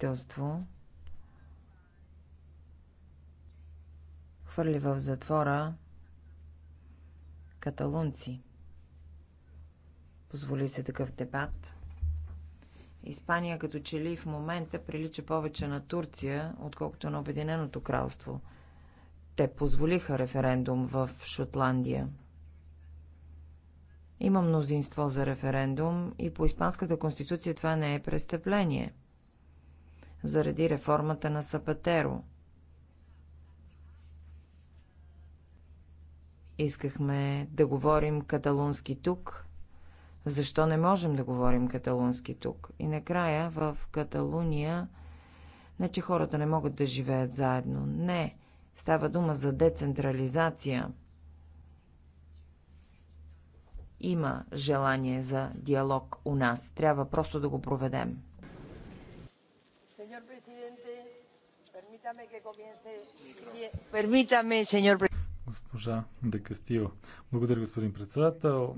свидетелство хвърли в затвора каталунци. Позволи се такъв дебат. Испания като че ли в момента прилича повече на Турция, отколкото на Обединеното кралство. Те позволиха референдум в Шотландия. Има мнозинство за референдум и по Испанската конституция това не е престъпление – заради реформата на Сапатеро. Искахме да говорим каталунски тук. Защо не можем да говорим каталунски тук? И накрая в Каталуния не, че хората не могат да живеят заедно. Не. Става дума за децентрализация. Има желание за диалог у нас. Трябва просто да го проведем. Permítame, señor presidente. Госпожа Де Кастио. Благодаря, господин председател.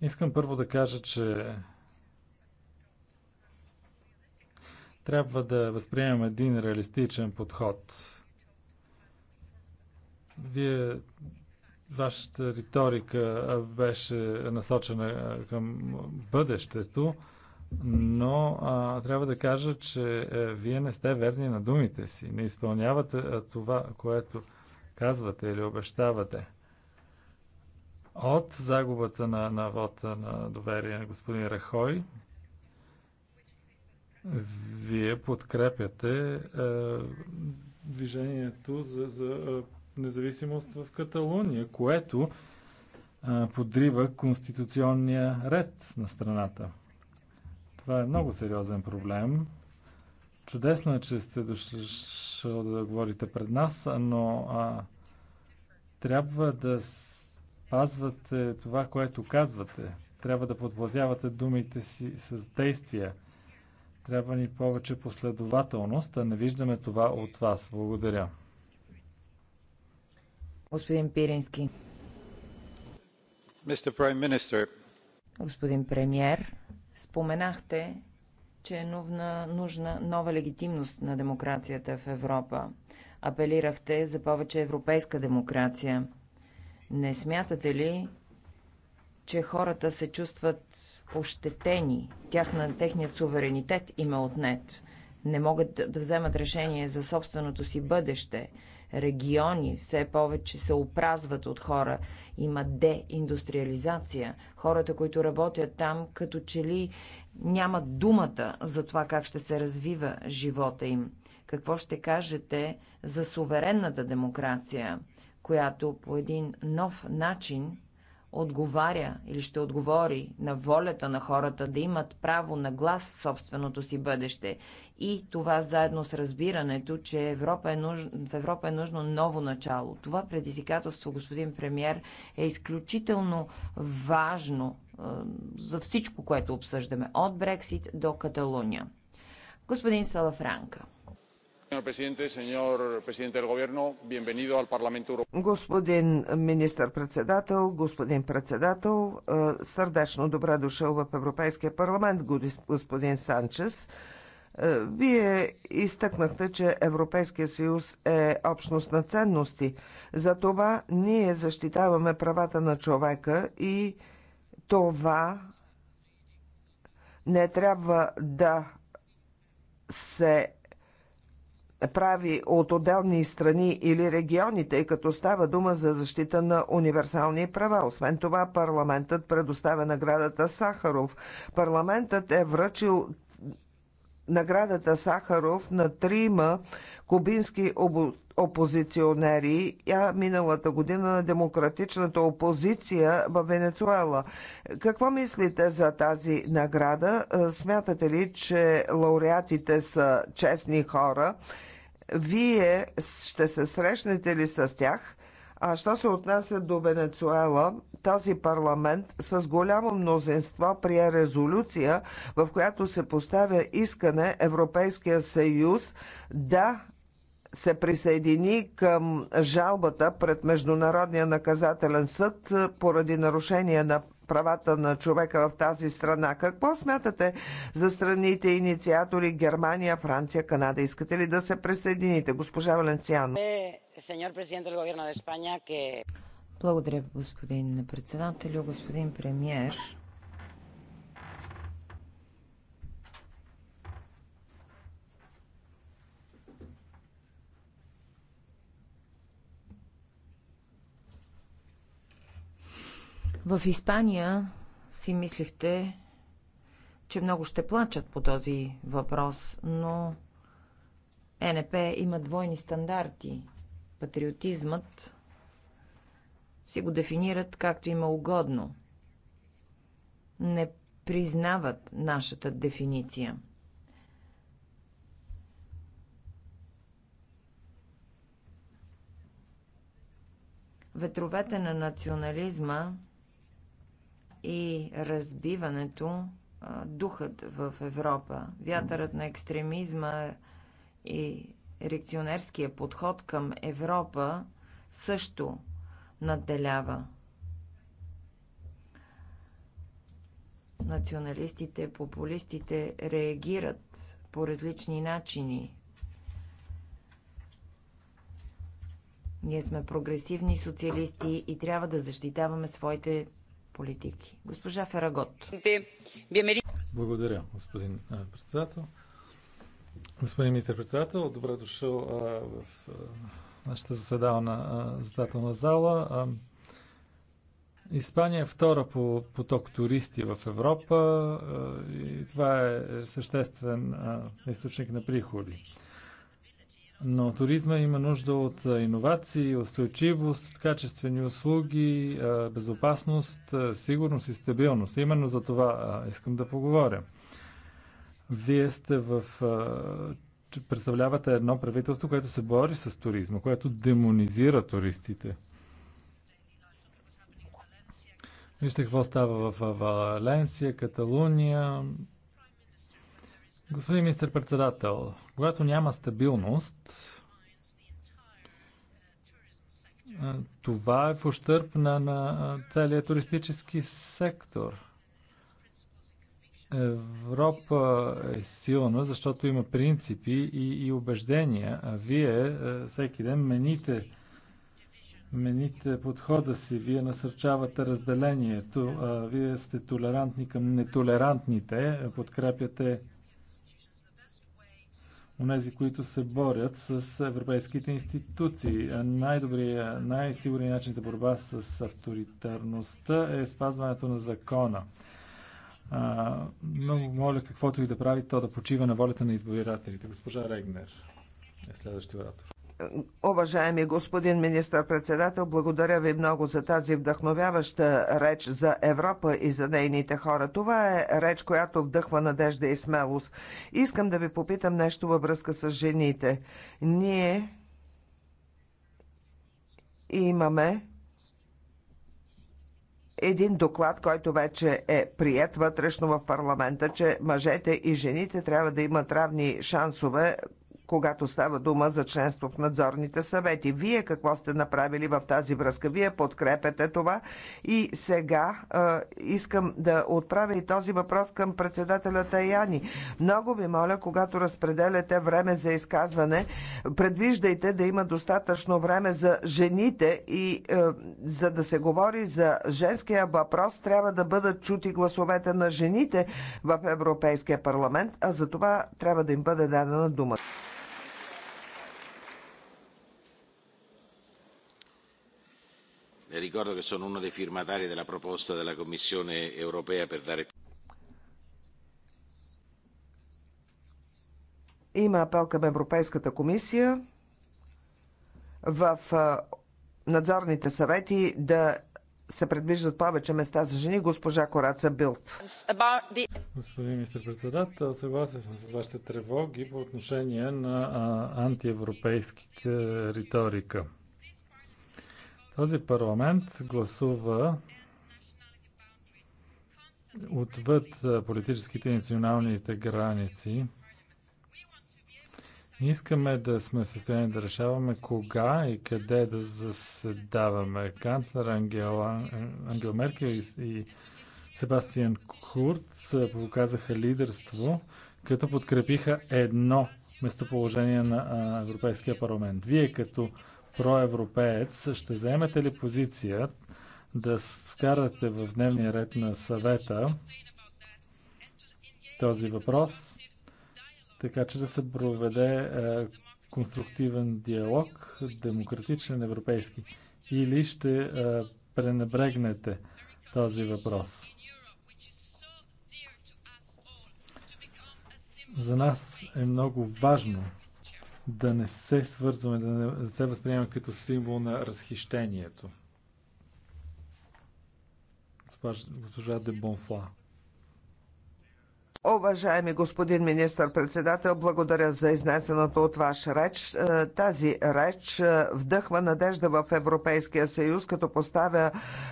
Искам първо да кажа, че трябва да възприемем един реалистичен подход. Вие вашата риторика беше насочена към бъдещето, но а, трябва да кажа, че е, вие не сте верни на думите си. Не изпълнявате това, което казвате или обещавате. От загубата на, на вода на доверие на господин Рахой, вие подкрепяте е, движението за, за независимост в Каталуния, което а, подрива конституционния ред на страната. Това е много сериозен проблем. Чудесно е, че сте дошли да говорите пред нас, но а, трябва да спазвате това, което казвате. Трябва да подплатявате думите си с действия. Трябва ни повече последователност, а не виждаме това от вас. Благодаря. Господин Пирински. Господин премьер, споменахте, че е нужна, нужна нова легитимност на демокрацията в Европа. Апелирахте за повече европейска демокрация. Не смятате ли, че хората се чувстват ощетени? Тяхна, техният суверенитет им е отнет. Не могат да вземат решение за собственото си бъдеще региони все повече се опразват от хора. Има деиндустриализация. Хората, които работят там, като че ли нямат думата за това как ще се развива живота им. Какво ще кажете за суверенната демокрация, която по един нов начин отговаря или ще отговори на волята на хората да имат право на глас в собственото си бъдеще. И това заедно с разбирането, че Европа е нуж... в Европа е нужно ново начало. Това предизвикателство, господин премьер, е изключително важно е, за всичко, което обсъждаме, от Брексит до Каталуния. Господин Салафранка. Señor presidente, señor presidente del gobierno, bienvenido al Parlamento Europeo. Господин министър-председател, господин председател, е, сърдечно добре дошъл в Европейския парламент, господин Санчес. Е, вие изтъкнахте, че Европейския съюз е общност на ценности. Затова ние защитаваме правата на човека и това не трябва да се прави от отделни страни или региони, тъй като става дума за защита на универсални права. Освен това, парламентът предоставя наградата Сахаров. Парламентът е връчил наградата Сахаров на трима кубински опозиционери, а миналата година на демократичната опозиция в Венецуела. Какво мислите за тази награда? Смятате ли, че лауреатите са честни хора? Вие ще се срещнете ли с тях? А що се отнася до Венецуела, този парламент с голямо мнозинство прие резолюция, в която се поставя искане Европейския съюз да се присъедини към жалбата пред Международния наказателен съд поради нарушение на правата на човека в тази страна. Какво смятате за страните инициатори Германия, Франция, Канада? Искате ли да се присъедините, госпожа Валенциано? Е, Благодаря, господин председател, господин премьер. В Испания си мислихте, че много ще плачат по този въпрос, но НП има двойни стандарти. Патриотизмът си го дефинират както има угодно. Не признават нашата дефиниция. Ветровете на национализма и разбиването духът в Европа. Вятърът на екстремизма и реакционерския подход към Европа също надделява. Националистите, популистите реагират по различни начини. Ние сме прогресивни социалисти и трябва да защитаваме своите политики. Госпожа Ферагот. Благодаря, господин председател. Господин министр-председател, добре дошъл а, в а, нашата заседална, заседателна зала. А, Испания е втора по поток туристи в Европа а, и това е съществен а, източник на приходи. Но туризма има нужда от иновации, устойчивост, от качествени услуги, безопасност, сигурност и стабилност. Именно за това искам да поговоря. Вие сте в. Представлявате едно правителство, което се бори с туризма, което демонизира туристите. Вижте какво става в Валенсия, Каталуния, Господин министр-председател, когато няма стабилност, това е в ущърп на, на целия туристически сектор. Европа е силна, защото има принципи и, и убеждения, а вие всеки ден мените, мените подхода си, вие насърчавате разделението, а вие сте толерантни към нетолерантните, подкрепяте онези, които се борят с европейските институции. Най-добрият, най-сигурният начин за борба с авторитарността е спазването на закона. А, много моля, каквото и да прави, то да почива на волята на избирателите. Госпожа Регнер е следващия оратор. Уважаеми господин министър-председател, благодаря ви много за тази вдъхновяваща реч за Европа и за нейните хора. Това е реч, която вдъхва надежда и смелост. Искам да ви попитам нещо във връзка с жените. Ние имаме един доклад, който вече е прият вътрешно в парламента, че мъжете и жените трябва да имат равни шансове, когато става дума за членство в надзорните съвети. Вие какво сте направили в тази връзка? Вие подкрепяте това и сега а, искам да отправя и този въпрос към председателя Таяни. Много ви моля, когато разпределяте време за изказване, предвиждайте да има достатъчно време за жените и а, за да се говори за женския въпрос, трябва да бъдат чути гласовете на жените в Европейския парламент, а за това трябва да им бъде дадена думата. Le ricordo che sono uno dei firmatari della proposta della Commissione europea per dare. Има апел към Европейската комисия в надзорните съвети да се предвиждат повече места за жени, госпожа Кораца Билт. Господин министр-председател, съгласен съм с вашите тревоги по отношение на антиевропейските риторика. Този парламент гласува отвъд политическите и националните граници. Ние искаме да сме в състояние да решаваме кога и къде да заседаваме. Канцлер Ангел, е, Ангел Меркел и, и Себастиан Курц показаха лидерство, като подкрепиха едно местоположение на Европейския парламент. Вие като проевропеец, ще заемете ли позиция да вкарате в дневния ред на съвета този въпрос, така че да се проведе е, конструктивен диалог, демократичен европейски? Или ще е, пренебрегнете този въпрос? За нас е много важно да не се свързваме, да не се възприемаме като символ на разхищението. Госпожа де Бонфла. Уважаеми господин министр-председател, благодаря за изнесената от ваш реч. Е, тази реч е, вдъхва надежда в Европейския съюз, като поставя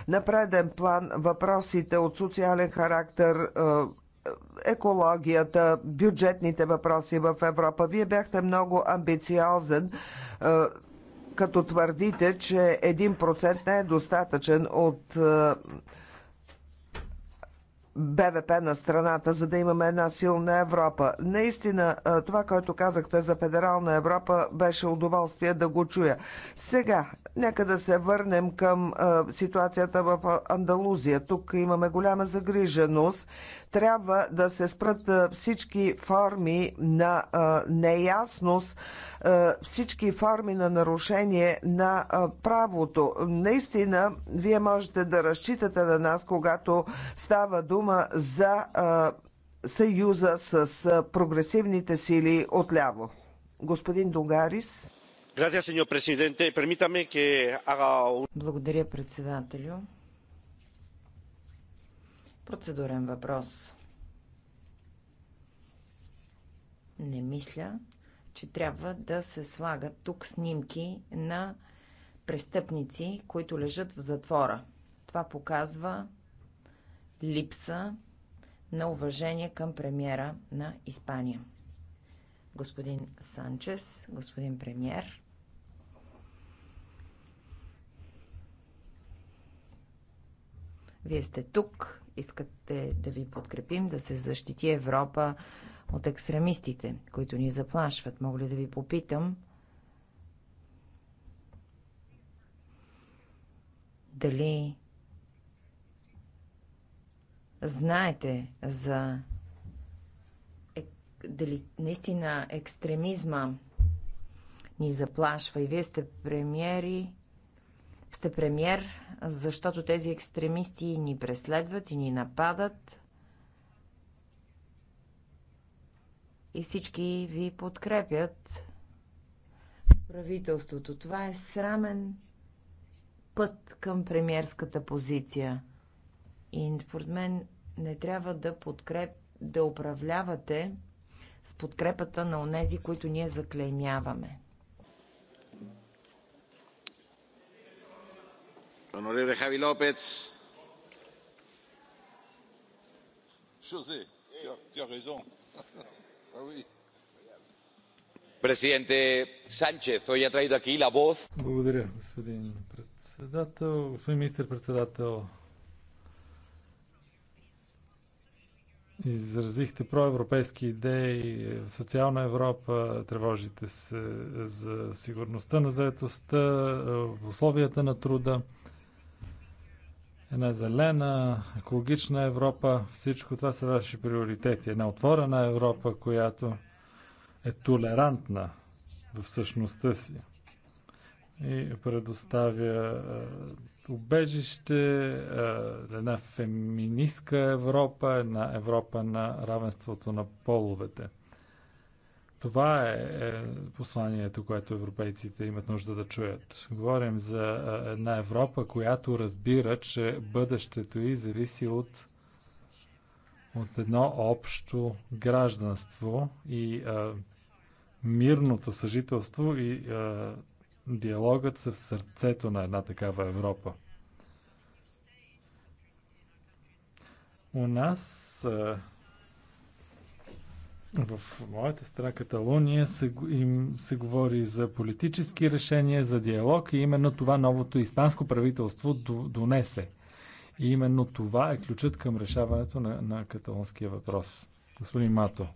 на преден план въпросите от социален характер, е, екологията, бюджетните въпроси в Европа. Вие бяхте много амбициозен е, като твърдите, че 1% не е достатъчен от е, БВП на страната, за да имаме една силна Европа. Наистина, е, това, което казахте за федерална Европа, беше удоволствие да го чуя. Сега, нека да се върнем към ситуацията в Андалузия. Тук имаме голяма загриженост трябва да се спрат всички форми на неясност, всички форми на нарушение на правото. Наистина, вие можете да разчитате на нас, когато става дума за съюза с прогресивните сили отляво. Господин Дугарис. Благодаря, председателю. Процедурен въпрос. Не мисля, че трябва да се слагат тук снимки на престъпници, които лежат в затвора. Това показва липса на уважение към премиера на Испания. Господин Санчес, господин премьер, вие сте тук искате да ви подкрепим, да се защити Европа от екстремистите, които ни заплашват. Мога ли да ви попитам дали знаете за дали наистина екстремизма ни заплашва и вие сте премиери сте премьер, защото тези екстремисти ни преследват и ни нападат. И всички ви подкрепят правителството. Това е срамен път към премьерската позиция. И според мен не трябва да, подкреп, да управлявате с подкрепата на онези, които ние заклеймяваме. Onorevole Javi Lopez. José, tu as, tu as raison. ah, oui. Presidente Sánchez, hoy ha traído aquí la voz. Благодаря, господин председател. Господин министр-председател, изразихте проевропейски идеи, социална Европа, тревожите се за сигурността на заетостта, условията на труда една зелена, екологична Европа. Всичко това са ваши приоритети. Една отворена Европа, която е толерантна в същността си и предоставя е, убежище, е, една феминистка Европа, една Европа на равенството на половете. Това е, е посланието, което европейците имат нужда да чуят. Говорим за е, една Европа, която разбира, че бъдещето й зависи от, от едно общо гражданство и а, е, мирното съжителство и а, диалогът са в сърцето на една такава Европа. У нас а, в моята страна Каталония се, им се говори за политически решения, за диалог и именно това новото испанско правителство донесе. И именно това е ключът към решаването на, на каталонския въпрос. Господин Мато.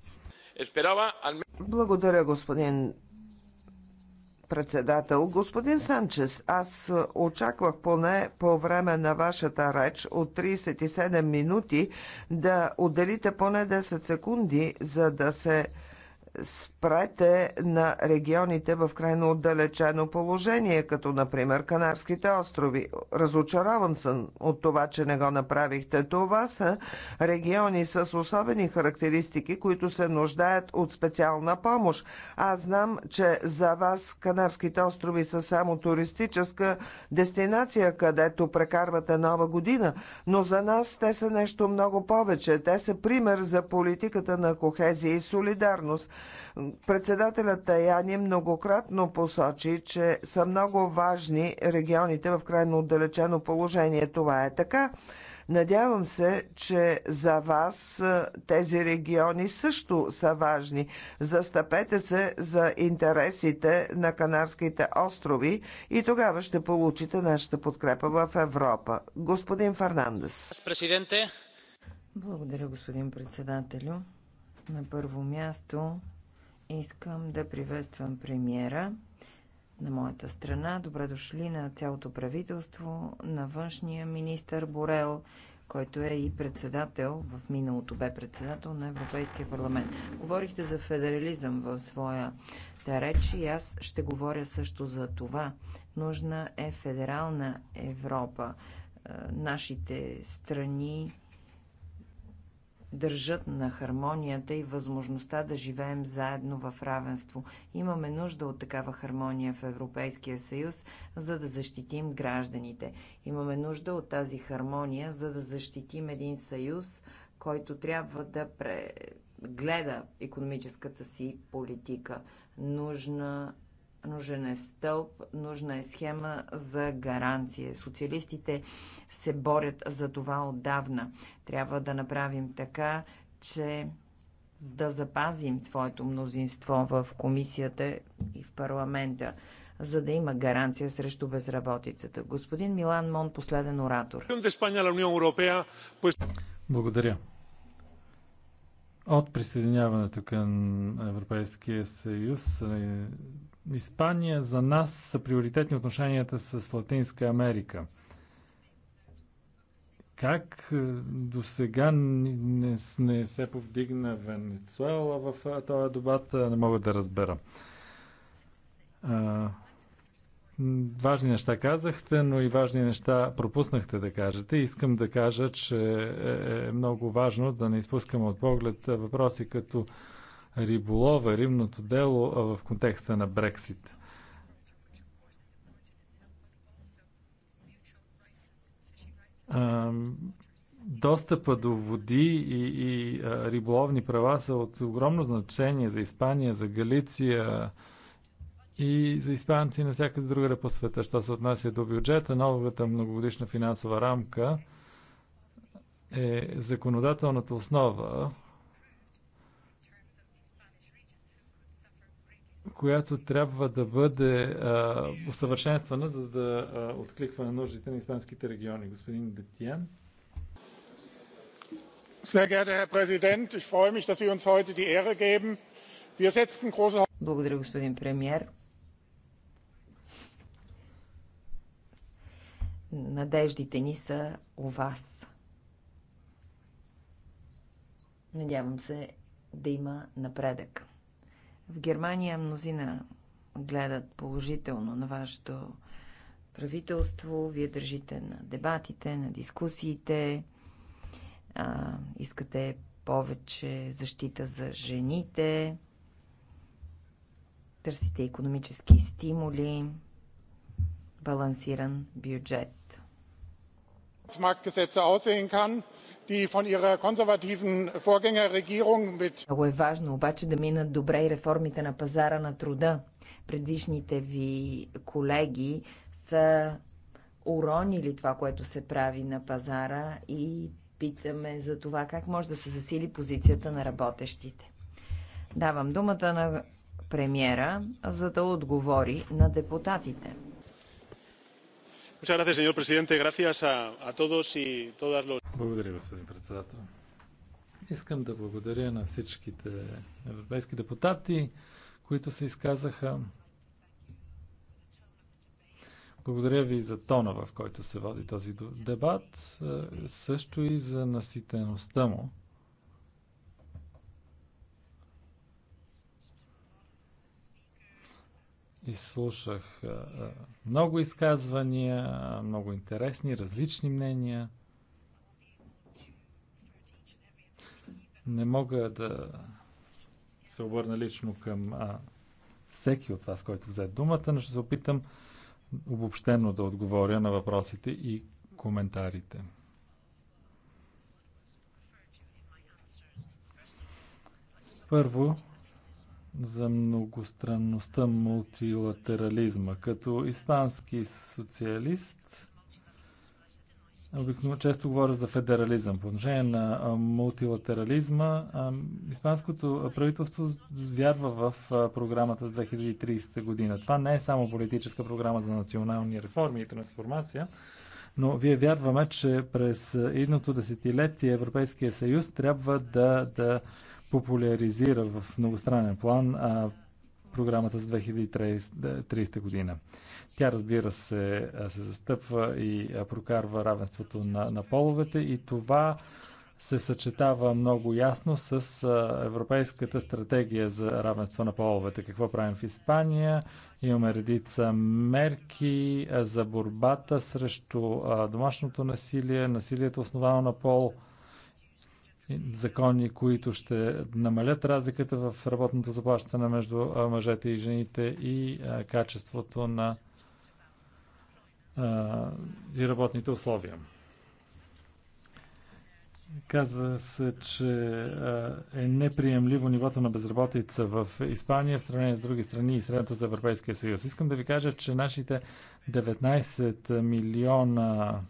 Благодаря, господин председател. Господин Санчес, аз очаквах поне по време на вашата реч от 37 минути да отделите поне 10 секунди, за да се спрете на регионите в крайно отдалечено положение, като например Канарските острови. Разочарован съм от това, че не го направихте. Това са региони с особени характеристики, които се нуждаят от специална помощ. Аз знам, че за вас Канарските острови са само туристическа дестинация, където прекарвате нова година, но за нас те са нещо много повече. Те са пример за политиката на кохезия и солидарност. Председателят Таяни многократно посочи, че са много важни регионите в крайно отдалечено положение. Това е така. Надявам се, че за вас тези региони също са важни. Застъпете се за интересите на Канарските острови и тогава ще получите нашата подкрепа в Европа. Господин Фернандес. Благодаря, господин председателю. На първо място искам да приветствам премиера на моята страна. Добре дошли на цялото правителство, на външния министър Борел, който е и председател, в миналото бе председател на Европейския парламент. Говорихте за федерализъм в своята реч и аз ще говоря също за това. Нужна е федерална Европа. Е, нашите страни държат на хармонията и възможността да живеем заедно в равенство. Имаме нужда от такава хармония в Европейския съюз, за да защитим гражданите. Имаме нужда от тази хармония, за да защитим един съюз, който трябва да прегледа економическата си политика. Нужна нужен е стълб, нужна е схема за гаранция. Социалистите се борят за това отдавна. Трябва да направим така, че да запазим своето мнозинство в комисията и в парламента, за да има гаранция срещу безработицата. Господин Милан Мон, последен оратор. Благодаря. От присъединяването към Европейския съюз, е, Испания за нас са приоритетни отношенията с Латинска Америка. Как е, до сега не, не се повдигна Венецуела в този дебат, е, не мога да разбера. Важни неща казахте, но и важни неща пропуснахте да кажете. Искам да кажа, че е, е много важно да не изпускаме от поглед въпроси като риболова, рибното дело в контекста на Брексит. достъпа до води и, и риболовни права са от огромно значение за Испания, за Галиция, и за испанци навсякъде друга по света. Що се отнася до бюджета, новата многогодишна финансова рамка е законодателната основа, която трябва да бъде а, усъвършенствана, за да а, откликва на нуждите на испанските региони. Господин Детиен. Sehr geehrter Herr Präsident, ich freue mich, dass Sie uns heute die Ehre geben. Wir setzen große... Благодаря, господин премьер. Надеждите ни са у вас. Надявам се да има напредък. В Германия мнозина гледат положително на вашето правителство. Вие държите на дебатите, на дискусиите. А, искате повече защита за жените. Търсите економически стимули балансиран бюджет. Много е важно обаче да минат добре и реформите на пазара на труда. Предишните ви колеги са уронили това, което се прави на пазара и питаме за това как може да се засили позицията на работещите. Давам думата на премиера, за да отговори на депутатите señor presidente. Gracias a todos todas los... Благодаря, господин председател. Искам да благодаря на всичките европейски депутати, които се изказаха. Благодаря ви за тона, в който се води този дебат, също и за наситеността му. Изслушах много изказвания, много интересни, различни мнения. Не мога да се обърна лично към а, всеки от вас, който взе думата, но ще се опитам обобщено да отговоря на въпросите и коментарите. Първо, за многостранността, мултилатерализма. Като испански социалист, обикновено често говоря за федерализъм. По отношение на мултилатерализма, испанското правителство вярва в програмата с 2030 година. Това не е само политическа програма за национални реформи и трансформация, но вие вярваме, че през едното десетилетие Европейския съюз трябва да, да популяризира в многостранен план а, програмата за 2030 година. Тя, разбира се, се застъпва и прокарва равенството на, на половете и това се съчетава много ясно с Европейската стратегия за равенство на половете. Какво правим в Испания? Имаме редица мерки за борбата срещу домашното насилие, насилието основано на пол – закони, които ще намалят разликата в работното заплащане между мъжете и жените и качеството на и работните условия. Каза се, че е неприемливо нивото на безработица в Испания в сравнение с други страни и средното за Европейския съюз. Искам да ви кажа, че нашите 19 милиона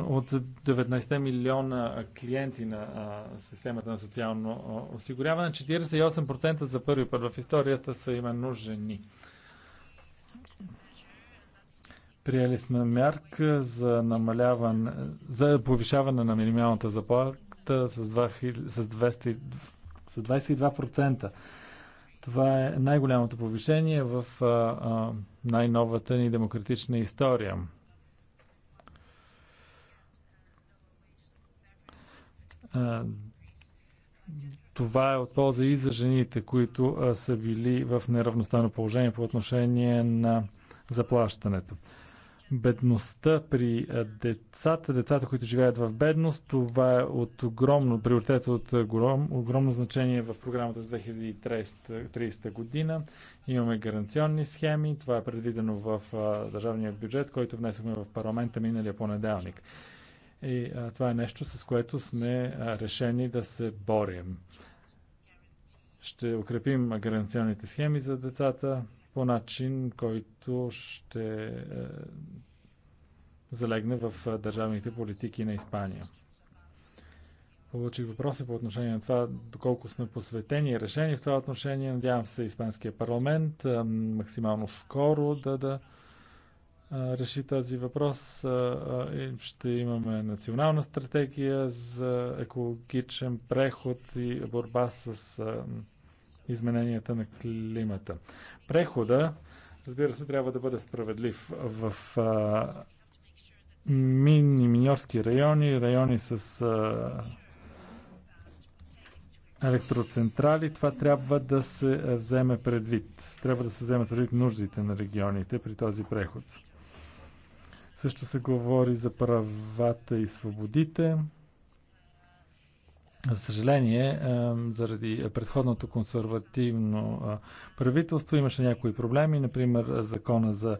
От, от 19 милиона клиенти на системата на социално осигуряване, 48% за първи път в историята са именно жени. Приели сме мярка за намаляване, за повишаване на минималната заплата с, 2, с, 200, с 22%. Това е най-голямото повишение в най-новата ни демократична история. А, това е от полза и за жените, които а, са били в неравностойно положение по отношение на заплащането бедността при децата, децата, които живеят в бедност, това е от огромно, приоритет от огром, огромно значение в програмата за 2030 година. Имаме гаранционни схеми, това е предвидено в държавния бюджет, който внесохме в парламента миналия понеделник. И а, това е нещо, с което сме а, решени да се борим. Ще укрепим гаранционните схеми за децата, по начин, който ще е, залегне в е, държавните политики на Испания. Получих въпроси по отношение на това, доколко сме посветени и решени в това отношение. Надявам се Испанския парламент е, максимално скоро да, да реши този въпрос. Ще имаме национална стратегия за екологичен преход и борба с измененията на климата. Прехода, разбира се, трябва да бъде справедлив в а, мини, миньорски райони, райони с а, електроцентрали, това трябва да се вземе предвид. Трябва да се вземе предвид нуждите на регионите при този преход. Също се говори за правата и свободите. За съжаление, заради предходното консервативно правителство имаше някои проблеми, например закона за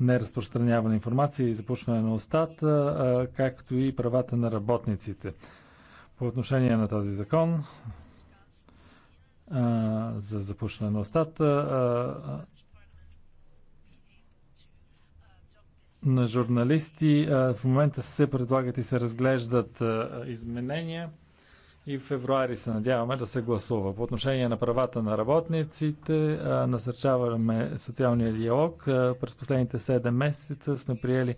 неразпространяване на информация и започване на устата, както и правата на работниците. По отношение на този закон за започване на устата, на журналисти в момента се предлагат и се разглеждат изменения и в февруари се надяваме да се гласува. По отношение на правата на работниците, насърчаваме социалния диалог. През последните 7 месеца сме приели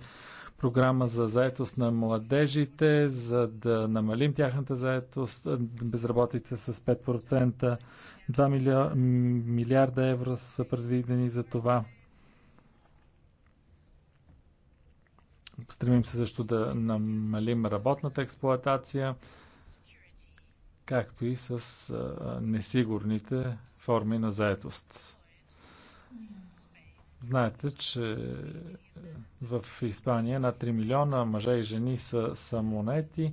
програма за заетост на младежите, за да намалим тяхната заетост, безработица с 5%. 2 милиарда евро са предвидени за това. Стремим се също да намалим работната експлоатация както и с несигурните форми на заетост. Знаете, че в Испания над 3 милиона мъже и жени са самонети,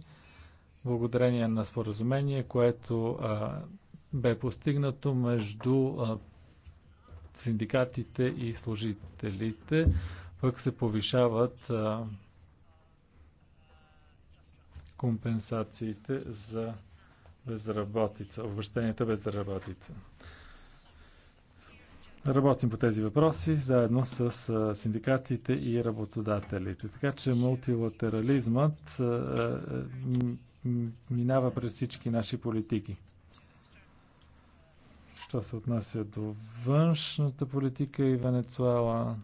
благодарение на споразумение, което а, бе постигнато между а, синдикатите и служителите, пък се повишават а, компенсациите за безработица, обещанията безработица. Работим по тези въпроси заедно с синдикатите и работодателите. Така че мултилатерализмът минава през всички наши политики. Що се отнася до външната политика и Венецуела,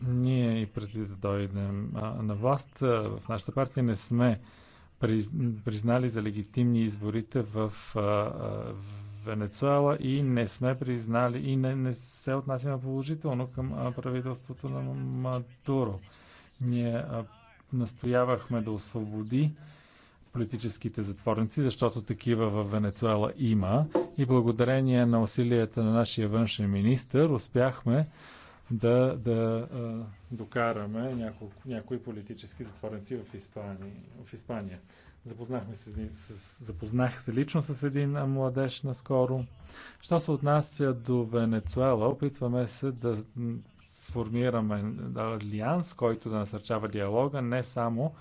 ние и преди да дойдем на власт, в нашата партия не сме признали за легитимни изборите в Венецуела и не сме признали и не, не се отнасяме положително към правителството на Мадуро. Ние настоявахме да освободи политическите затворници, защото такива в Венецуела има и благодарение на усилията на нашия външен министр успяхме да, да а, докараме няколко, някои политически затворници в Испания. В Испания. Запознахме се, с, запознах се лично с един младеж наскоро. Що се отнася до Венецуела, опитваме се да сформираме алианс, който да насърчава диалога не само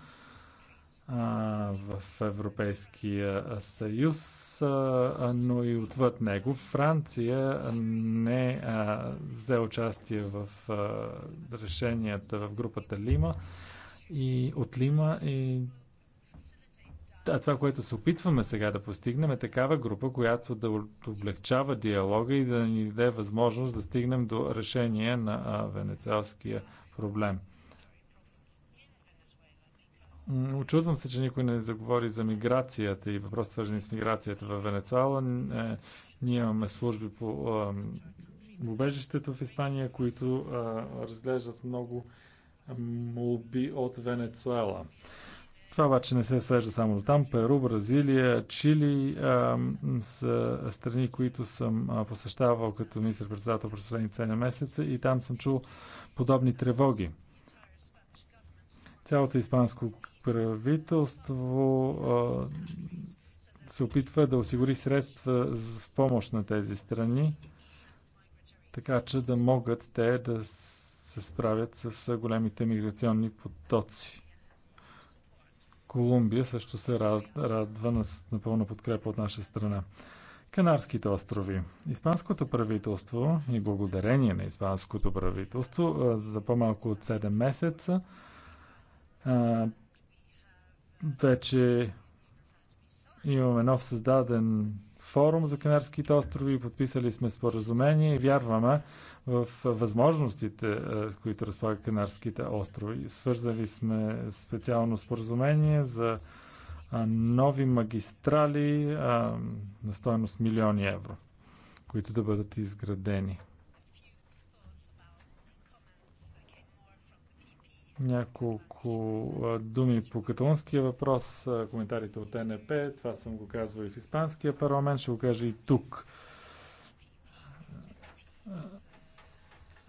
в Европейския съюз, но и отвъд него. Франция не взе участие в решенията в групата Лима и от Лима и а това, което се опитваме сега да постигнем е такава група, която да облегчава диалога и да ни даде възможност да стигнем до решение на венецуелския проблем. Очудвам се, че никой не заговори за миграцията и въпроси свързани с миграцията в Венецуела. Е, ние имаме служби по убежището в Испания, които разглеждат много молби от Венецуела. Това обаче не се свежда само до там. Перу, Бразилия, Чили а, са страни, които съм посещавал като министър-председател през последните 7 месеца и там съм чул подобни тревоги. Цялото испанско правителство се опитва да осигури средства в помощ на тези страни, така че да могат те да се справят с големите миграционни потоци. Колумбия също се радва на напълна подкрепа от наша страна. Канарските острови. Испанското правителство и благодарение на испанското правителство за по-малко от 7 месеца а, вече имаме нов създаден форум за Канарските острови, подписали сме споразумение и вярваме в възможностите, с които разполага Канарските острови. Свързали сме специално споразумение за нови магистрали на стоеност милиони евро, които да бъдат изградени. Няколко думи по каталонския въпрос, коментарите от НП, това съм го казвал и в Испанския парламент, ще го кажа и тук.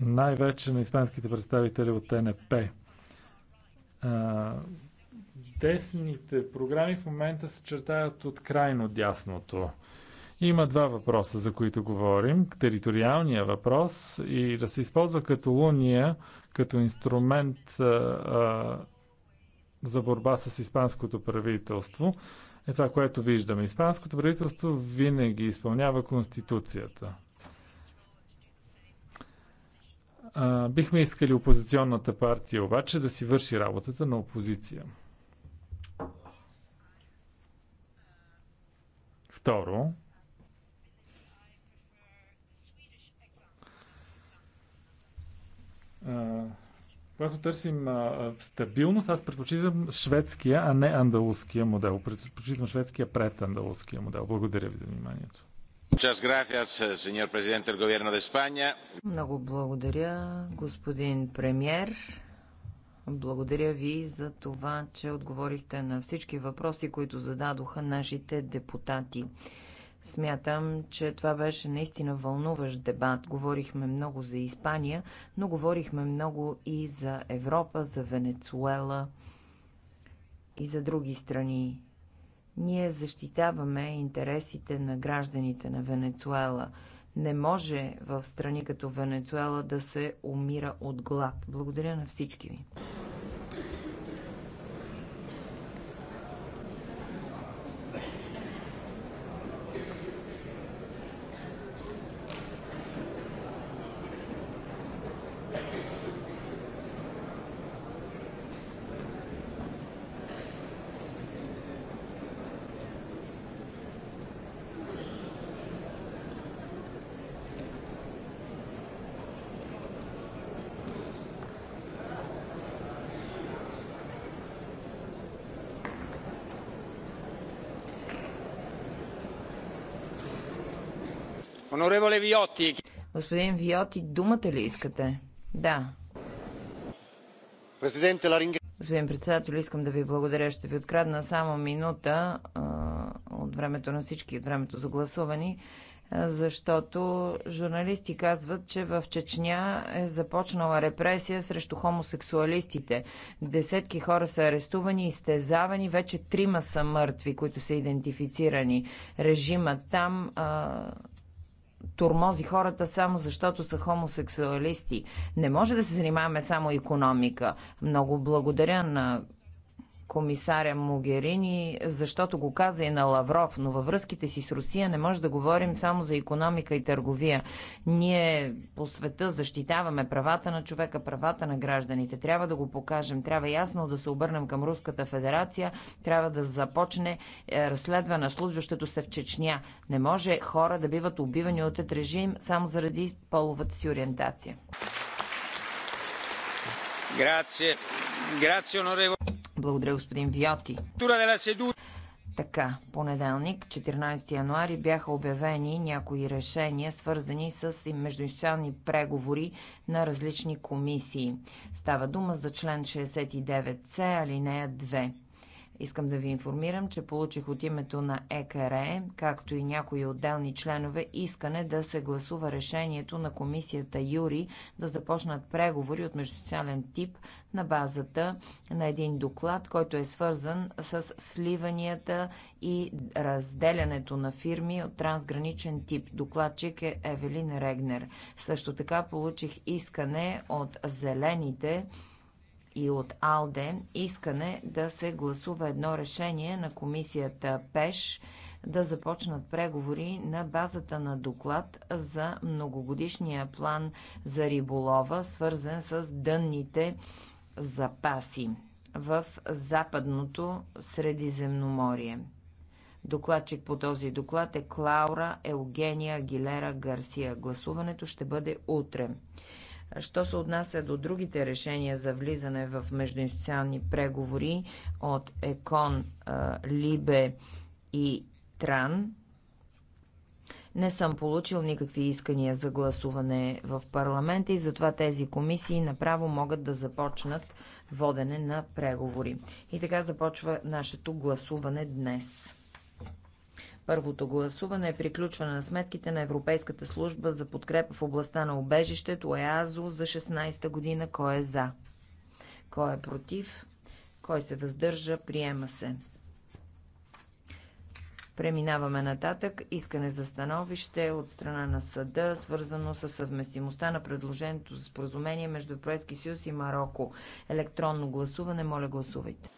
Най-вече на испанските представители от НП. Десните програми в момента се чертаят от крайно дясното. Има два въпроса, за които говорим. Териториалния въпрос и да се използва Каталуния като инструмент а, а, за борба с испанското правителство е това, което виждаме. Испанското правителство винаги изпълнява Конституцията. А, бихме искали опозиционната партия обаче да си върши работата на опозиция. Второ, Когато търсим а, стабилност, аз предпочитам шведския, а не андалуския модел. Предпочитам шведския пред андалуския модел. Благодаря ви за вниманието. Eh, Много благодаря, господин премьер. Благодаря ви за това, че отговорихте на всички въпроси, които зададоха нашите депутати. Смятам, че това беше наистина вълнуващ дебат. Говорихме много за Испания, но говорихме много и за Европа, за Венецуела и за други страни. Ние защитаваме интересите на гражданите на Венецуела. Не може в страни като Венецуела да се умира от глад. Благодаря на всички ви. Господин Виоти, думата ли искате? Да. Господин председател, искам да ви благодаря. Ще ви открадна само минута а, от времето на всички, от времето за гласувани, защото журналисти казват, че в Чечня е започнала репресия срещу хомосексуалистите. Десетки хора са арестувани, изтезавани, вече трима са мъртви, които са идентифицирани. Режима там а, турмози хората само защото са хомосексуалисти. Не може да се занимаваме само економика. Много благодаря на комисаря Могерини, защото го каза и на Лавров, но във връзките си с Русия не може да говорим само за економика и търговия. Ние по света защитаваме правата на човека, правата на гражданите. Трябва да го покажем. Трябва ясно да се обърнем към Руската федерация. Трябва да започне е, разследване на служващото се в Чечня. Не може хора да биват убивани от этот режим само заради половата си ориентация. Grazie. Grazie, onorevole. Благодаря, господин Виоти. Така, понеделник, 14 януари, бяха обявени някои решения, свързани с междуинституционални преговори на различни комисии. Става дума за член 69c, алинея 2. Искам да ви информирам, че получих от името на ЕКРЕ, както и някои отделни членове, искане да се гласува решението на комисията Юри да започнат преговори от междуциален тип на базата на един доклад, който е свързан с сливанията и разделянето на фирми от трансграничен тип. Докладчик е Евелин Регнер. Също така получих искане от зелените и от АЛДЕ искане да се гласува едно решение на комисията ПЕШ да започнат преговори на базата на доклад за многогодишния план за риболова, свързан с дънните запаси в Западното Средиземноморие. Докладчик по този доклад е Клаура Евгения Гилера Гарсия. Гласуването ще бъде утре. Що се отнася до другите решения за влизане в междуинституционални преговори от ЕКОН, Либе и Тран, не съм получил никакви искания за гласуване в парламента и затова тези комисии направо могат да започнат водене на преговори. И така започва нашето гласуване днес. Първото гласуване е приключване на сметките на Европейската служба за подкрепа в областта на убежището ЕАЗО за 16-та година. Кой е за? Кой е против? Кой се въздържа? Приема се. Преминаваме нататък. Искане за становище от страна на съда, свързано с съвместимостта на предложението за споразумение между Европейски съюз и Марокко. Електронно гласуване. Моля гласувайте.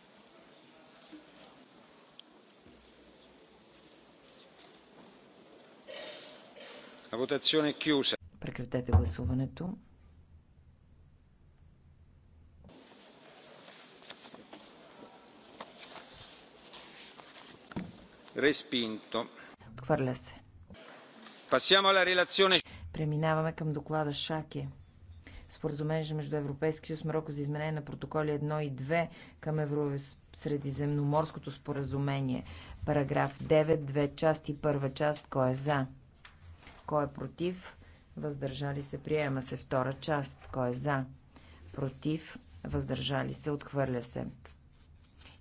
Прекратете гласуването. Респинто. Отхвърля се. Преминаваме към доклада Шаке. Споразумение между Европейския съюз Марокко за изменение на протоколи 1 и 2 към Евросредиземноморското споразумение. Параграф 9, две части, първа част, кой е за? Кой е против? Въздържали се. Приема се втора част. Кой е за? Против. Въздържали се. Отхвърля се.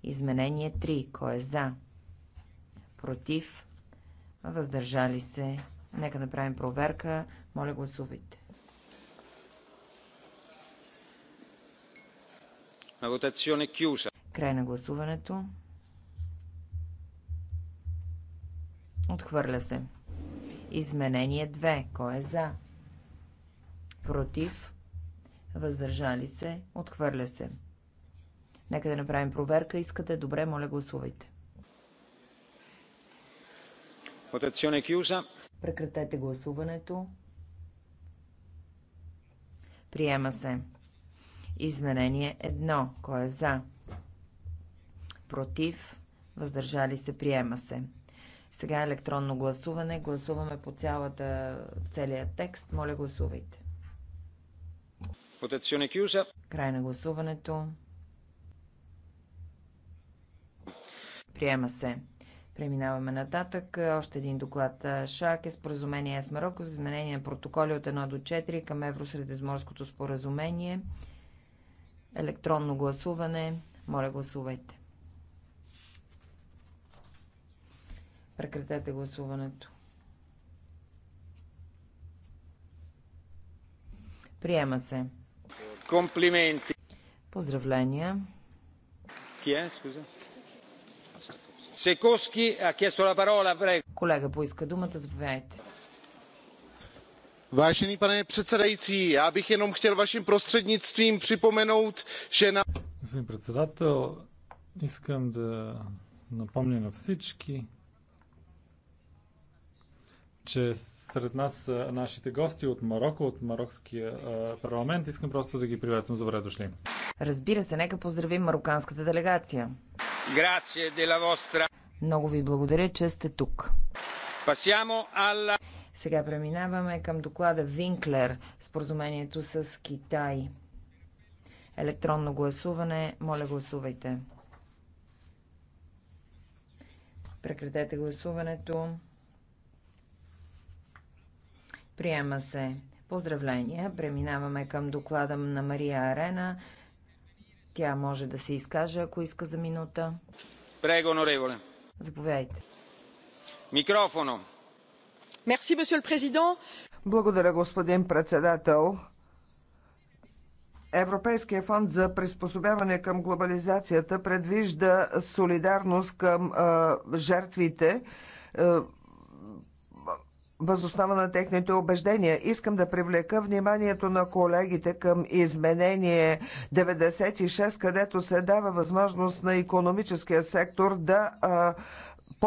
Изменение 3. Кой е за? Против. Въздържали се. Нека направим проверка. Моля гласувайте. Край на гласуването. Отхвърля се. Изменение 2. Кой е за? Против? Въздържали се? Отхвърля се. Нека да направим проверка. Искате? Добре, моля гласувайте. Votazione chiusa. Прекратете гласуването. Приема се. Изменение 1. Кой е за? Против? Въздържали се? Приема се. Сега е електронно гласуване. Гласуваме по цялата, целият текст. Моля, гласувайте. Votazione chiusa. Край на гласуването. Приема се. Преминаваме нататък. Още един доклад. ШАК е споразумение с Марокко за изменение на протоколи от 1 до 4 към Евросредизморското споразумение. Електронно гласуване. Моля, гласувайте. Прекратете гласуването. Приема се. Комплименти. Поздравления. Е? скуза? Секоски а кесто la парола, prego. Колега поиска думата, заповядайте. Vážený pane předsedající, já bych jenom chtěl vaším prostřednictvím připomenout, že na... Господин председател, искам да напомня на всички, че сред нас са нашите гости от Марокко, от Марокския парламент. Искам просто да ги приветствам. Добре дошли. Разбира се, нека поздравим марокканската делегация. Грация де ла Много ви благодаря, че сте тук. Пасямо алла. Сега преминаваме към доклада Винклер, споразумението с Китай. Електронно гласуване, моля гласувайте. Прекратете гласуването. Приема се. Поздравления. Преминаваме към доклада на Мария Арена. Тя може да се изкаже, ако иска за минута. Прего, онореволе. Заповядайте. Микрофоно. Мерси, месье президент. Благодаря, господин председател. Европейския фонд за приспособяване към глобализацията предвижда солидарност към е, жертвите е, възоснова на техните убеждения. Искам да привлека вниманието на колегите към изменение 96, където се дава възможност на економическия сектор да а,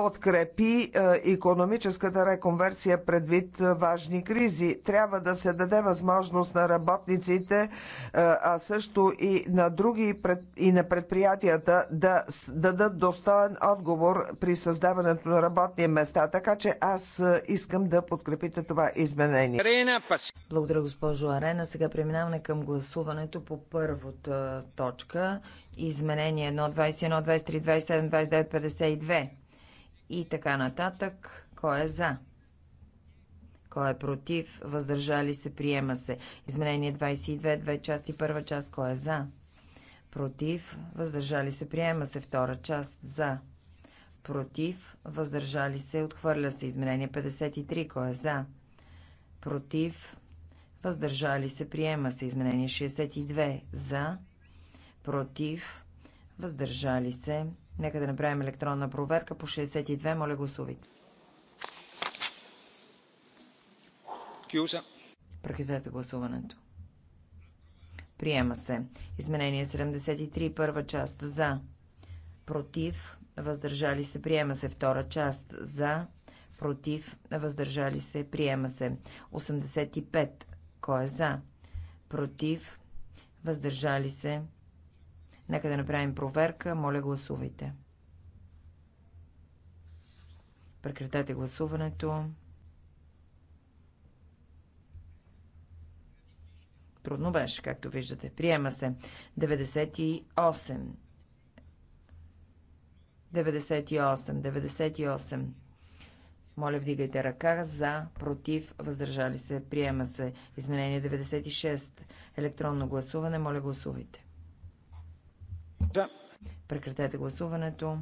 подкрепи економическата реконверсия предвид е, важни кризи. Трябва да се даде възможност на работниците, е, а също и на други и на предприятията да дадат достоен отговор при създаването на работни места. Така че аз е, искам да подкрепите това изменение. Благодаря, госпожо Арена. Сега преминаваме към гласуването по първата точка. Изменение 1, 21, 23, 27, 29, 52 и така нататък. Кой е за? Кой е против? Въздържали се? Приема се. Изменение 22, две части, първа част. Кой е за? Против? Въздържали се? Приема се. Втора част. За? Против? Въздържали се? Отхвърля се. Изменение 53. Кой е за? Против? Въздържали се? Приема се. Изменение 62. За? Против? Въздържали се? Нека да направим електронна проверка по 62. Моля гласувайте. Кюза. Прекратете гласуването. Приема се. Изменение 73, първа част за. Против. Въздържали се. Приема се. Втора част за. Против. Въздържали се. Приема се. 85. Кой е за? Против. Въздържали се. Нека да направим проверка. Моля, гласувайте. Прекратете гласуването. Трудно беше, както виждате. Приема се. 98. 98. 98. Моля, вдигайте ръка за, против, въздържали се. Приема се. Изменение 96. Електронно гласуване. Моля, гласувайте. Прекратете гласуването.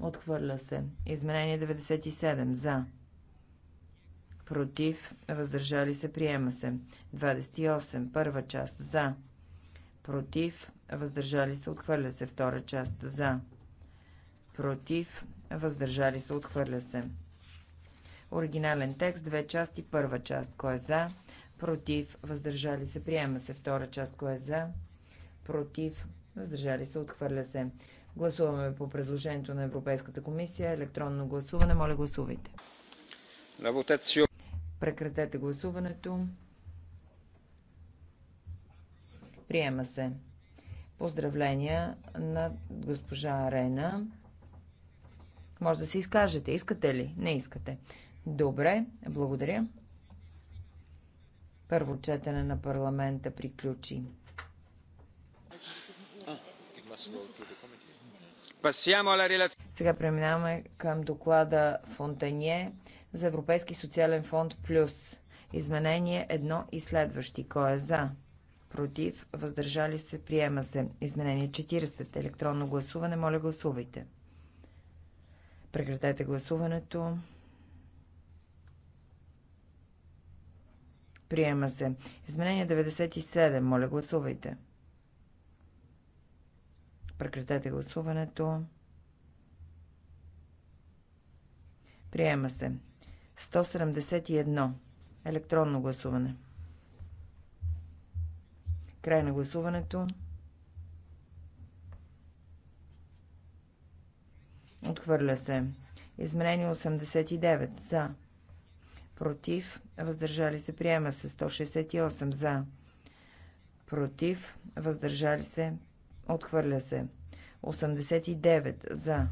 Отхвърля се. Изменение 97. За. Против. Въздържали се. Приема се. 28. Първа част. За. Против. Въздържали се. Отхвърля се. Втора част. За. Против. Въздържали се. Отхвърля се. Оригинален текст. Две части. Първа част. Кой е за? Против. Въздържали се. Приема се. Втора част. Кой е за? против, въздържали се, отхвърля се. Гласуваме по предложението на Европейската комисия. Електронно гласуване. Моля, гласувайте. Прекратете гласуването. Приема се. Поздравления на госпожа Арена. Може да се изкажете. Искате ли? Не искате. Добре, благодаря. Първо четене на парламента приключи. Сега преминаваме към доклада Фонтанье за Европейски социален фонд Плюс. Изменение едно и следващи. Кой е за? Против? Въздържали се? Приема се. Изменение 40. Електронно гласуване. Моля гласувайте. Прекратете гласуването. Приема се. Изменение 97. Моля гласувайте. Прекратете гласуването. Приема се. 171. Електронно гласуване. Край на гласуването. Отхвърля се. Изменение 89. За. Против. Въздържали се. Приема се. 168. За. Против. Въздържали се. Отхвърля се. 89 за.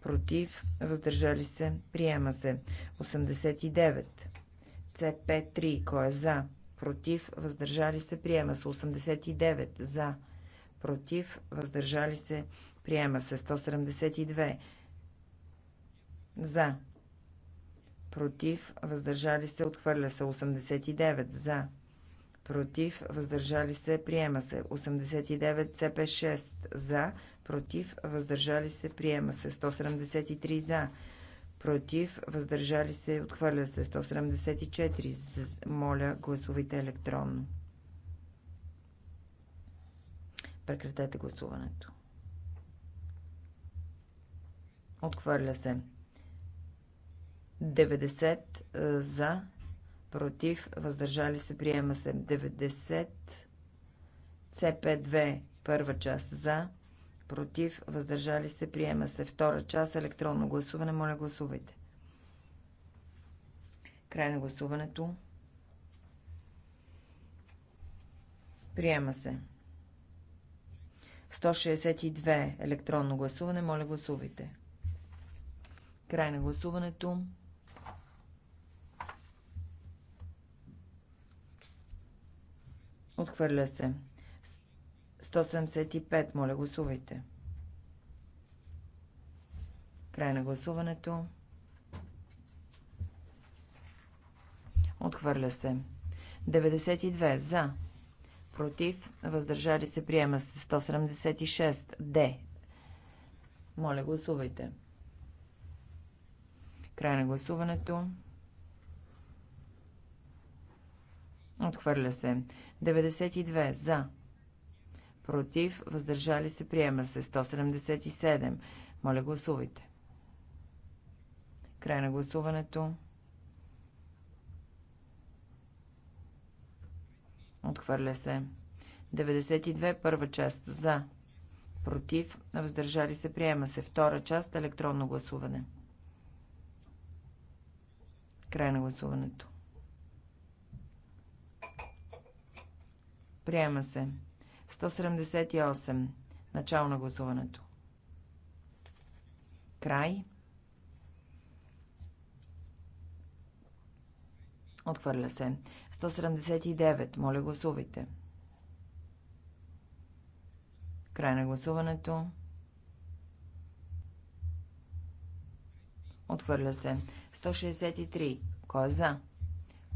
Против. Въздържали се. Приема се. 89. CP3. Кой е за? Против. Въздържали се. Приема се. 89 за. Против. Въздържали се. Приема се. 172 за. Против. Въздържали се. Отхвърля се. 89 за против, въздържали се, приема се. 89 CP6 за, против, въздържали се, приема се. 173 за, против, въздържали се, отхвърля се. 174 моля, гласувайте електронно. Прекратете гласуването. Отхвърля се. 90 е, за, против, въздържали се, приема се 90, CP2, първа част за, против, въздържали се, приема се втора част, електронно гласуване, моля гласувайте. Край на гласуването. Приема се. 162 електронно гласуване, моля гласувайте. Край на гласуването. Отхвърля се. 175. Моля, гласувайте. Край на гласуването. Отхвърля се. 92. За. Против. Въздържали се. Приема се. 176. Д. Моля, гласувайте. Край на гласуването. Отхвърля се. 92. За. Против. Въздържали се. Приема се. 177. Моля, гласувайте. Край на гласуването. Отхвърля се. 92. Първа част. За. Против. Въздържали се. Приема се. Втора част. Електронно гласуване. Край на гласуването. Приема се. 178. Начало на гласуването. Край. Отхвърля се. 179. Моля гласувайте. Край на гласуването. Отхвърля се. 163. Кой е за?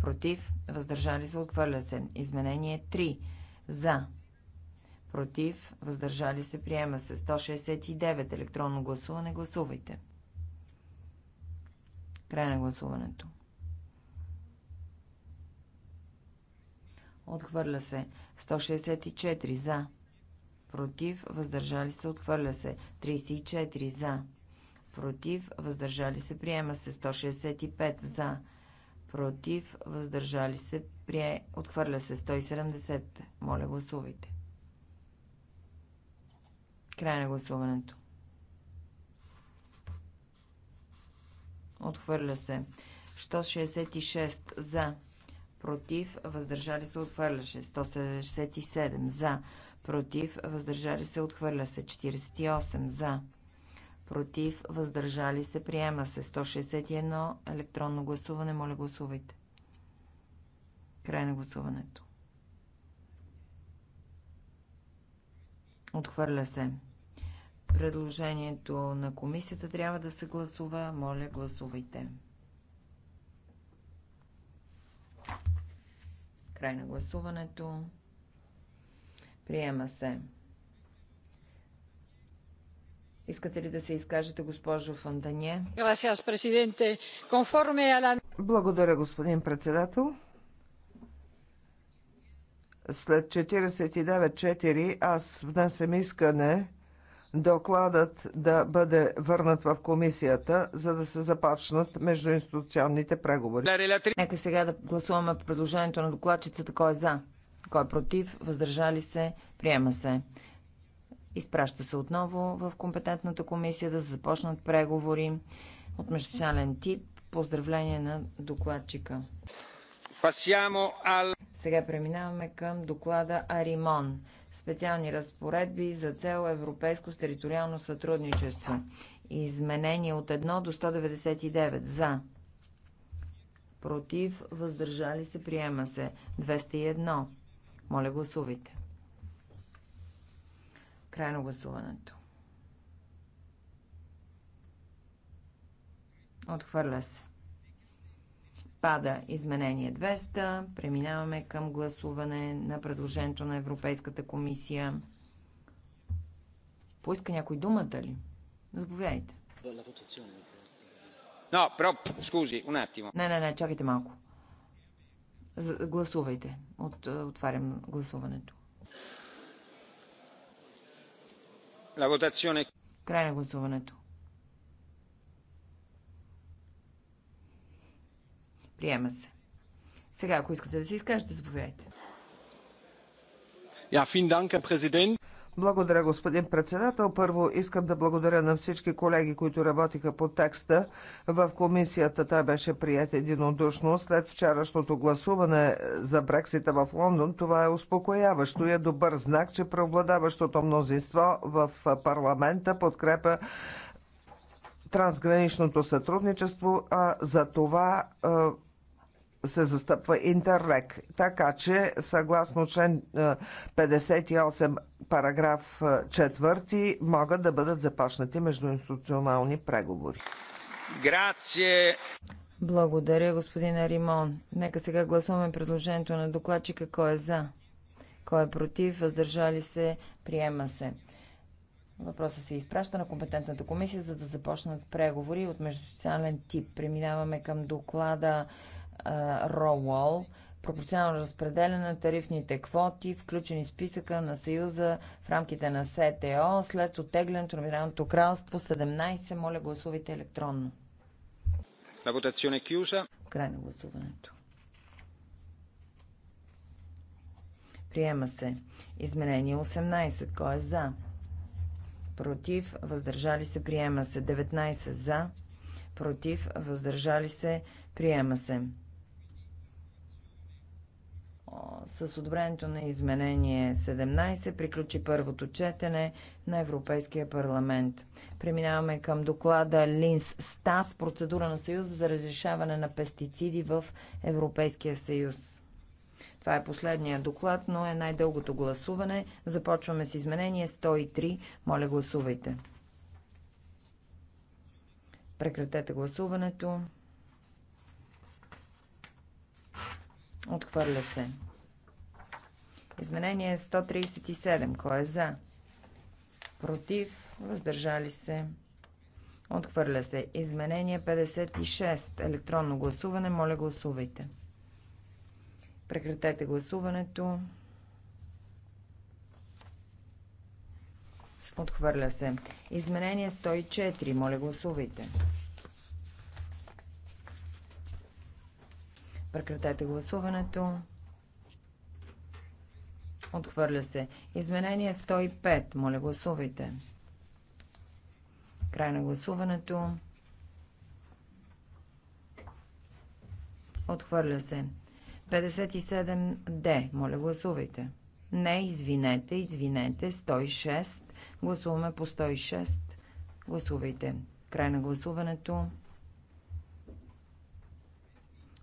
Против. Въздържали се. Отхвърля се. Изменение 3 за, против, въздържали се, приема се. 169 електронно гласуване, гласувайте. Край на гласуването. Отхвърля се. 164 за. Против. Въздържали се. Отхвърля се. 34 за. Против. Въздържали се. Приема се. 165 за против, въздържали се, прие, отхвърля се 170. Моля, гласувайте. Край на гласуването. Отхвърля се. 166 за, против, въздържали се, отхвърля се. 167 за, против, въздържали се, отхвърля се. 48 за, против, въздържали се, приема се. 161 електронно гласуване, моля гласувайте. Край на гласуването. Отхвърля се. Предложението на комисията трябва да се гласува. Моля, гласувайте. Край на гласуването. Приема се. Искате ли да се изкажете, госпожо Фонтанье? Благодаря, господин председател. След 49 4, аз внесем искане докладът да бъде върнат в комисията, за да се започнат междуинституционните преговори. Нека сега да гласуваме предложението на докладчицата. Кой е за? Кой е против? Въздържали се? Приема се. Изпраща се отново в компетентната комисия да започнат преговори от междуционален тип. Поздравление на докладчика. Сега преминаваме към доклада Аримон. Специални разпоредби за цел европейско с териториално сътрудничество. Изменение от 1 до 199. За. Против. Въздържали се. Приема се. 201. Моля гласувайте. Край на гласуването. Отхвърля се. Пада изменение 200. Преминаваме към гласуване на предложението на Европейската комисия. Поиска някой думата ли? Заповядайте. No, però, scusi, un attimo. Не, не, не, чакайте малко. Гласувайте. От, отварям гласуването. Край на гласуването. Приема се. Сега, ако искате да се изкажете, заповядайте. Ja, vielen Dank, Herr Präsident. Благодаря, господин председател. Първо искам да благодаря на всички колеги, които работиха по текста. В комисията той беше прият единодушно след вчерашното гласуване за Брексита в Лондон. Това е успокояващо и е добър знак, че преобладаващото мнозинство в парламента подкрепя трансграничното сътрудничество, а за това се застъпва Интеррек. Така че, съгласно член 58, е, параграф 4, е, могат да бъдат започнати междуинституционални преговори. Грация! Благодаря, господин Римон. Нека сега гласуваме предложението на докладчика. Кой е за? Кой е против? Въздържали се? Приема се. Въпросът се изпраща на компетентната комисия, за да започнат преговори от междусоциален тип. Преминаваме към доклада Роуол, пропорционално разпределяне на тарифните квоти, включени в списъка на Съюза в рамките на СТО след оттеглянето на Обединеното кралство 17. Моля, гласувайте електронно. La votazione chiusa. Край на гласуването. Приема се. Изменение 18. Кой е за? Против. Въздържали се. Приема се. 19. За. Против. Въздържали се. Приема се с одобрението на изменение 17 приключи първото четене на Европейския парламент. Преминаваме към доклада Линс Стас процедура на Съюз за разрешаване на пестициди в Европейския съюз. Това е последния доклад, но е най-дългото гласуване. Започваме с изменение 103. Моля, гласувайте. Прекратете гласуването. Отхвърля се. Изменение 137. Кой е за? Против. Въздържали се. Отхвърля се. Изменение 56. Електронно гласуване. Моля гласувайте. Прекратете гласуването. Отхвърля се. Изменение 104. Моля гласувайте. Прекратете гласуването. Отхвърля се. Изменение 105. Моля, гласувайте. Край на гласуването. Отхвърля се. 57D. Моля, гласувайте. Не, извинете, извинете. 106. Гласуваме по 106. Гласувайте. Край на гласуването.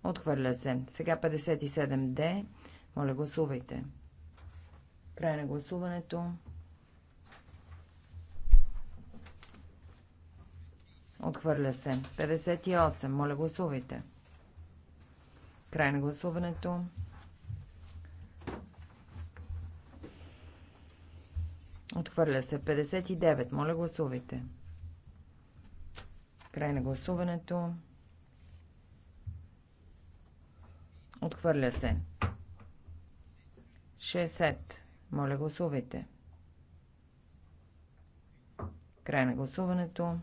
Отхвърля се. Сега 57D. Моля, гласувайте. Край на гласуването. Отхвърля се. 58. Моля, гласувайте. Край на гласуването. Отхвърля се. 59. Моля, гласувайте. Край на гласуването. Отхвърля се. 60. Моля, гласувайте. Край на гласуването.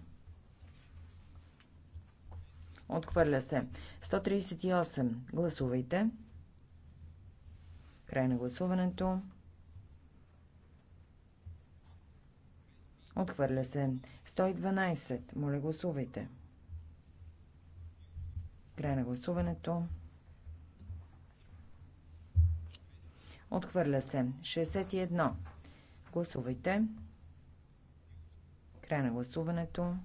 Отхвърля се. 138. Гласувайте. Край на гласуването. Отхвърля се. 112. Моля, гласувайте. Край на гласуването. Отхвърля се. 61. Гласувайте. Край на гласуването.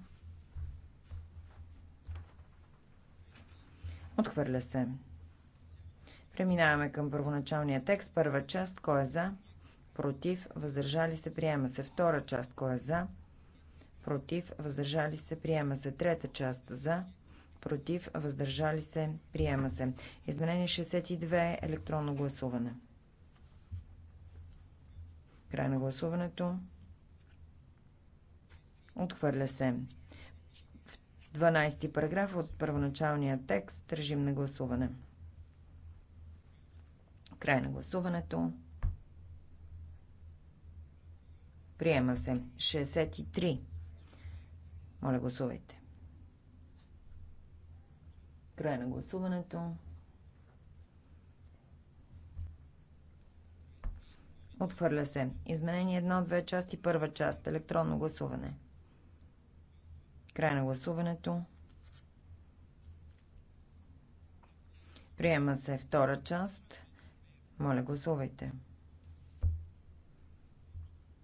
Отхвърля се. Преминаваме към първоначалния текст. Първа част. Кой е за? Против. Въздържали се. Приема се. Втора част. Кой е за? Против. Въздържали се. Приема се. Трета част. За. Против. Въздържали се. Приема се. Изменение 62. Електронно гласуване. Край на гласуването. Отхвърля се. В 12 ти параграф от първоначалния текст режим на гласуване. Край на гласуването. Приема се. 63. Моля, гласувайте. Край на гласуването. Отхвърля се. Изменение 1, две части, първа част. Електронно гласуване. Край на гласуването. Приема се втора част. Моля, гласувайте.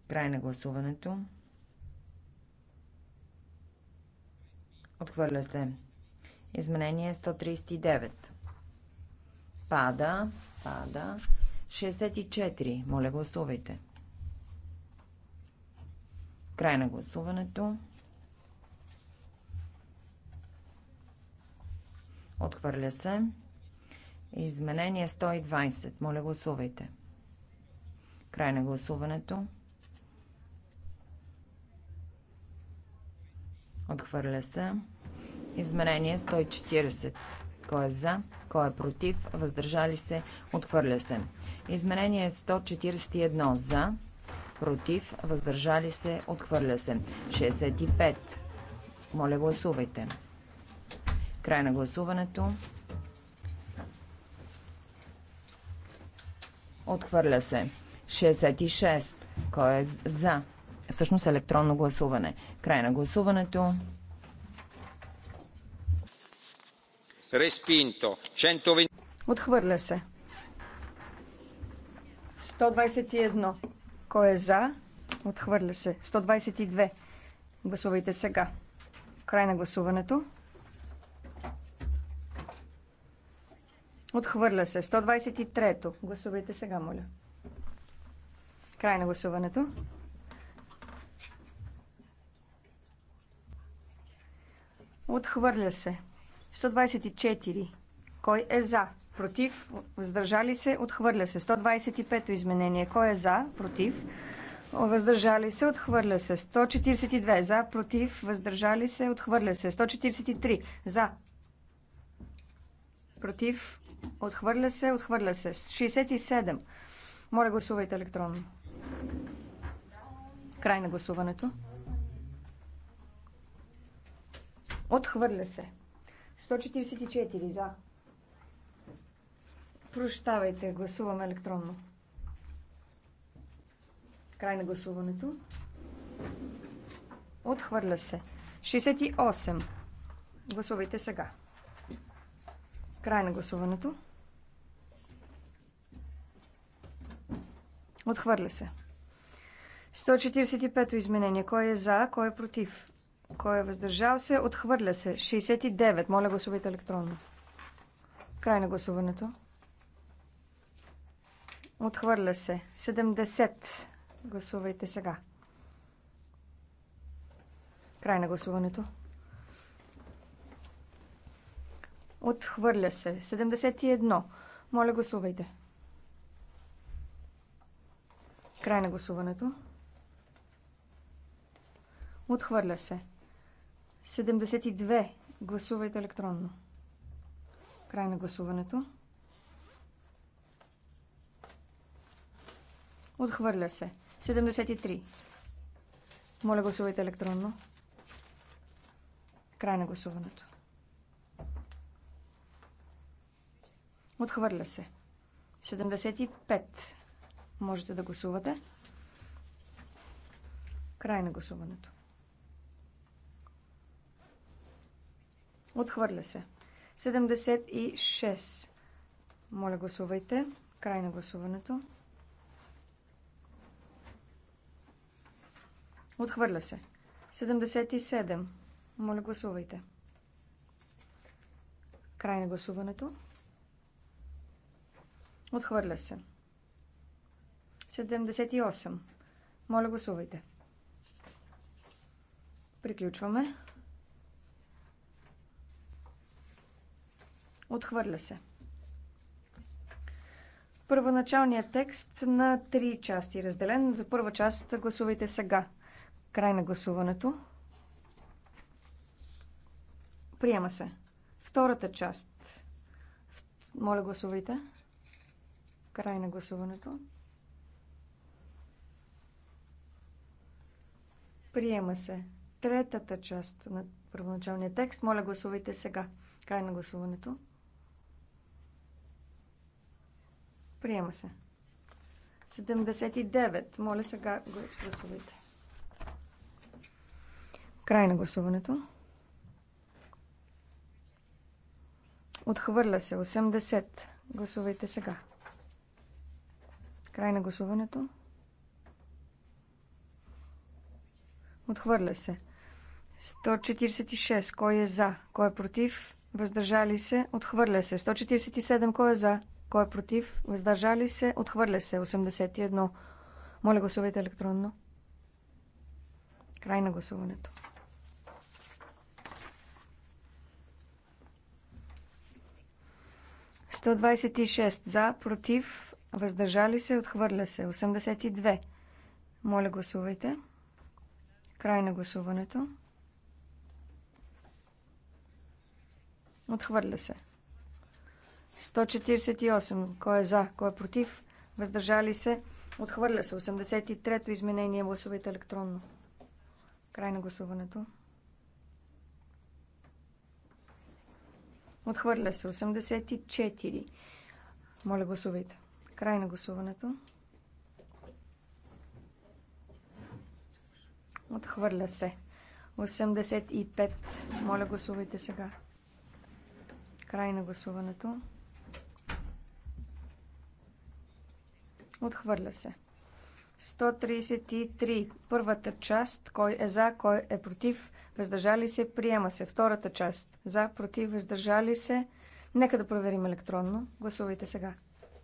Край на гласуването. Отхвърля се. Изменение 139. Пада, пада. 64. Моля, гласувайте. Край на гласуването. Отхвърля се. Изменение 120. Моля, гласувайте. Край на гласуването. Отхвърля се. Изменение 140. Кой е за? Кой е против? Въздържали се? Отхвърля се. Изменение 141 за, против, въздържали се, отхвърля се. 65. Моля гласувайте. Край на гласуването. Отхвърля се. 66. Кой е за? Всъщност електронно гласуване. Край на гласуването. Респинто. Отхвърля се. 121. Кой е за? Отхвърля се. 122. Гласувайте сега. Край на гласуването. Отхвърля се. 123-то. Гласувайте сега, моля. Край на гласуването. Отхвърля се. 124. Кой е за? Против? Въздържали се? Отхвърля се. 125-то изменение. Кой е за? Против? Въздържали се? Отхвърля се. 142. За? Против? Въздържали се? Отхвърля се. 143. За? Против? Отхвърля се? Отхвърля се. 67. Моля, гласувайте електронно. Край на гласуването. Отхвърля се. 144 за. Прощавайте, гласуваме електронно. Край на гласуването. Отхвърля се. 68. Гласувайте сега. Край на гласуването. Отхвърля се. 145 изменение. Кой е за, кой е против? Кой е въздържал се? Отхвърля се. 69. Моля гласувайте електронно. Край на гласуването. Отхвърля се. 70. Гласувайте сега. Край на гласуването. Отхвърля се. 71. Моля гласувайте. Край на гласуването. Отхвърля се. 72. Гласувайте електронно. Край на гласуването. Отхвърля се. 73. Моля гласувайте електронно. Край на гласуването. Отхвърля се. 75. Можете да гласувате. Край на гласуването. Отхвърля се. 76. Моля, гласувайте. Край на гласуването. Отхвърля се. 77. Моля, гласувайте. Край на гласуването. Отхвърля се. 78. Моля, гласувайте. Приключваме. Отхвърля се. Първоначалният текст на три части разделен. За първа част гласувайте сега. Край на гласуването. Приема се. Втората част. Моля, гласувайте. Край на гласуването. Приема се. Третата част на първоначалния текст. Моля, гласувайте сега. Край на гласуването. Приема се. 79. Моля сега го гласувайте. Край на гласуването. Отхвърля се. 80. Гласувайте сега. Край на гласуването. Отхвърля се. 146. Кой е за? Кой е против? Въздържали се? Отхвърля се. 147. Кой е за? Кой е против? Въздържали се? Отхвърля се. 81. Моля гласувайте електронно. Край на гласуването. Сто за, против, въздържали се, отхвърля се. 82. Моля гласувайте. Край на гласуването. Отхвърля се. 148. Кой е за? Кой е против? Въздържали се? Отхвърля се. 83-то изменение. Гласувайте електронно. Край на гласуването. Отхвърля се. 84. Моля, гласувайте. Край на гласуването. Отхвърля се. 85. Моля, гласувайте сега. Край на гласуването. Отхвърля се. 133. Първата част. Кой е за, кой е против, въздържали се, приема се. Втората част. За, против, въздържали се. Нека да проверим електронно. Гласувайте сега.